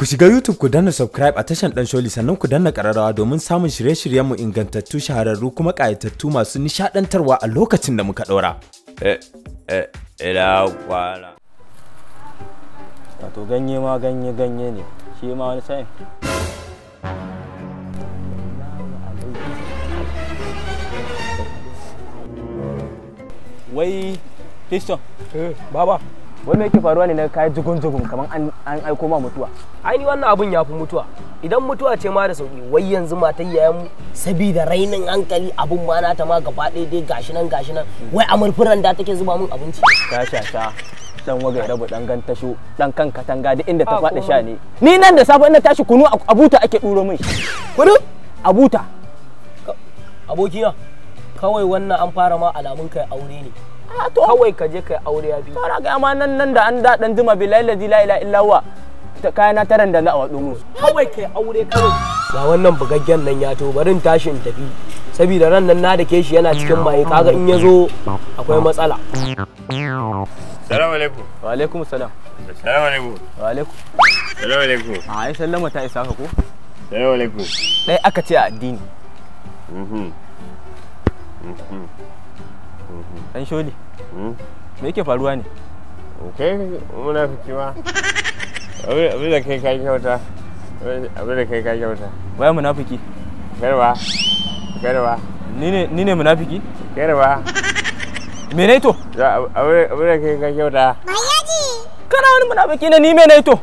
Ku shiga YouTube ku danna subscribe a tashan Dan Sholi sannan ku danna ƙararrawa domin samun shirye-shiryenmu ingantattu shahararru kuma ƙayatattu masu nishaɗantarwa a lokacin da muka ɗora. Eh, eh, ila kwana. Wato ganye ma ganye ganye ne, shi ma wani sa'in. Wai, Eh, baba. me yake faruwa ne na kai jugun jugun kamar an aiko ma mutuwa aini wannan abun ya fi mutuwa idan mutuwa ce ma da sauki wai yanzu matan yayan mu sabida rainin hankali abun ma na ta ma gaba ɗaya dai gashi nan gashi nan wai amurfuran da take zuba min abinci ta sha sha dan waga rabu dan gan tasho dan kan katanga da inda ta faɗa sha ne ni nan da safe ina tashi kunu abuta ake duro min kunu abuta abokina kawai wannan an fara ma alamun kai aure ne Ah, kawai ka je kai aure ya bi kana ga ma nan nan da an da dan juma ladhi la ilaha illa huwa ta na taran da na a mu kawai kai aure kawai ga wannan bugaggen nan ya to barin tashin tafi saboda ran nan na da ke shi yana cikin maye kaga in yazo akwai matsala assalamu alaikum wa alaikum assalam assalamu alaikum wa alaikum assalamu alaikum a ai sallama ta isa ka ko assalamu alaikum dai aka ce a addini mhm. Mhm. Dan sholi. Hmm? Me yake faruwa ne? Kai muna ma Abin da kai ka kyauta. Abin da kai ka kyauta. Waya munafiki. Garba. Garba. Ni ne ni ne munafiki? Garba. Me ne to? Abin da kai ka kyauta. Bayaji. Kana wani munafiki ne ni me ne to?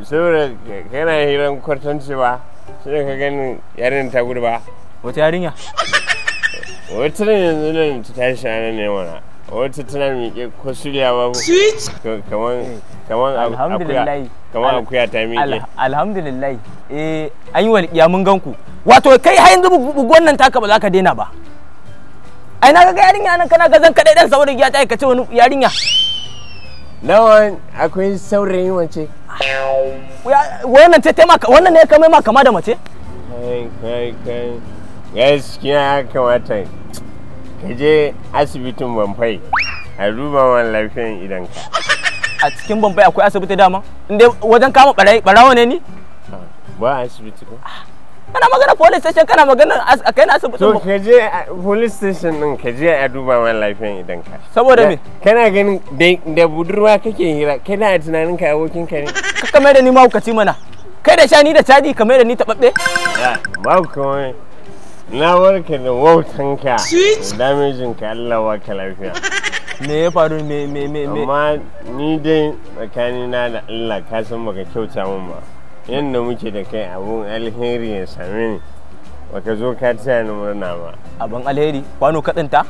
Saboda kana hiran kwartanci ba. Sai ka gani yarin ta gurba Wata yarinya? wata yanzu nan ta tashi shanar ne mana wata tana miƙe ko shirya babu kaman kaman akuya kaman akuya ta miƙe alhamdulillah eh an yi walƙiya mun ganku wato kai har yanzu bugu wannan taka ba za ka daina ba ai na ga yarinya nan kana gazan kadai dan saboda ya ta aikace wani yarinya lawan akwai saurayin wance wannan ta taimaka wannan ne ka mai ma kama da mace kai kai kai gaskiya kamata ka je asibitin bambai a duba man lafiyan ka. a cikin bambai akwai asibiti dama inda wajen kama barawo ne ni ba asibiti ba kana magana police station kana magana a kai na asibiti to ka je police station din ka je a duba man lafiyan ka. saboda me kana ganin da budurwa kake hira kana tunanin ka abokin ka ne ka kamar da ni mahaukaci mana kai da shani da cadi kamar da ni taɓaɓɓe ba ku kawai na warke da wautanka ka Allah ka lafiya me ya faru me me me me amma ni dai na da Allah ka san baka kyauta min ba yadda muke da kai abun alheri ya same ni baka zo ka taya ni murna ba abun alheri kwano kadinta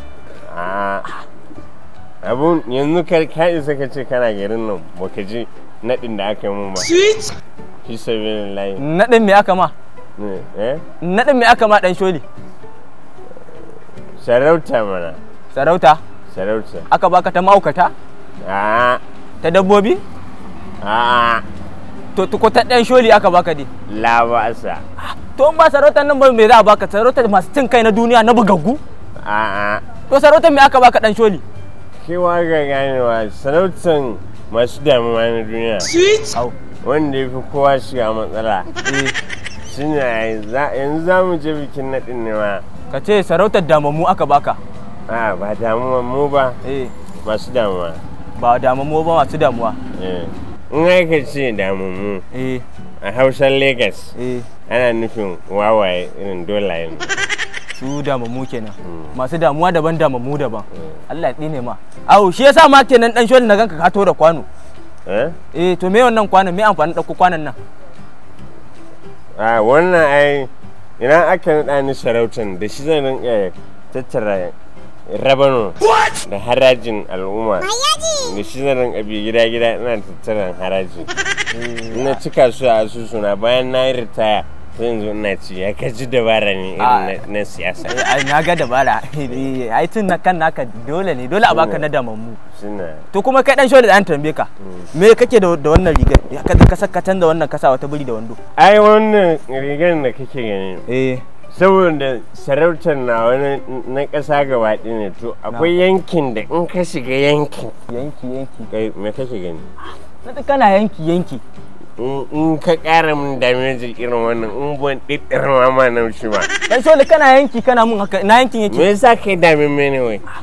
abun yanzu ka isa ka ce kana garin nan baka ji nadin da aka yi mun ba fi sabi lillahi nadin me aka ma Eh? Eh? naɗin me aka ma ɗan sholi sarauta mana sarauta sarauta aka baka ta ma'aukata ta dabbobi to tuko ta ɗan sholi aka baka di labasa to in ba sarauta nan ba me za a baka sarauta masu cin kai na duniya na bugaggu a'a to sarauta me aka baka ɗan sholi kewa ga ganewa sarautar masu damuwa na duniya wanda ya fi kowa shiga matsala shi ne yanzu za mu je bikin naɗin ne ma ka ce sarautar damammu aka baka a ba damuwa mu ba eh. masu damuwa ba damammu ba masu damuwa eh. in ka ce damammu eh. a hausar lagos ana nufin wawaye irin dolayen su damammu kenan hmm. masu damuwa daban damammu daban hmm. Allah ya ne ma au shi yasa ma kenan dan shol na ganka ka to da kwano eh to me wannan kwanon me amfani dauko kwanan nan a ah, wannan ai idan aka naɗa ni sarautan da shi zan rinka tattara rabano da harajin al'umma da shi zan rinka bi gida gida ina tattara haraji ina cika su a asusuna bayan na yi ritaya yanzu na ci ya ka ji dabara ne ah. na siyasa na ga dabara ai tun na kan naka dole ne dole a baka na damammu to kuma kai dan shole dan tambaye ka mm. me kake da wannan rigar ka ka saka da wannan kasa wata buri da wando ai wannan rigar da kake gani eh saboda sarautar na wani na ƙasa gaba ne to akwai yankin da in ka shiga yankin yanki yanki kai me kake gani na kana yanki yanki in ka ƙara min damage irin wannan in ban ɗiɗɗir mama na shi ba dan sholi kana yanki kana mun haka na yankin yake me yasa kai dame mene wai ah,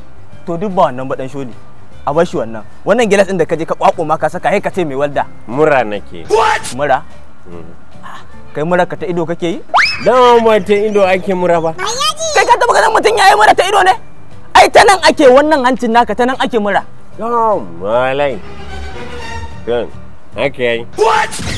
to duk ba wannan ba dan sholi a bar shi wannan wannan gilas din da ka je ka kwako ma ka saka ka ce mai walda mura nake mura mm. ah, kai mura ka ta ido kake yi dan ba ta ido ake mura ba kai ka taba ganin mutum yayi mura ta ido ne ai ta nan ake wannan hancin naka ta nan ake mura Don malai. Don. Okay. What?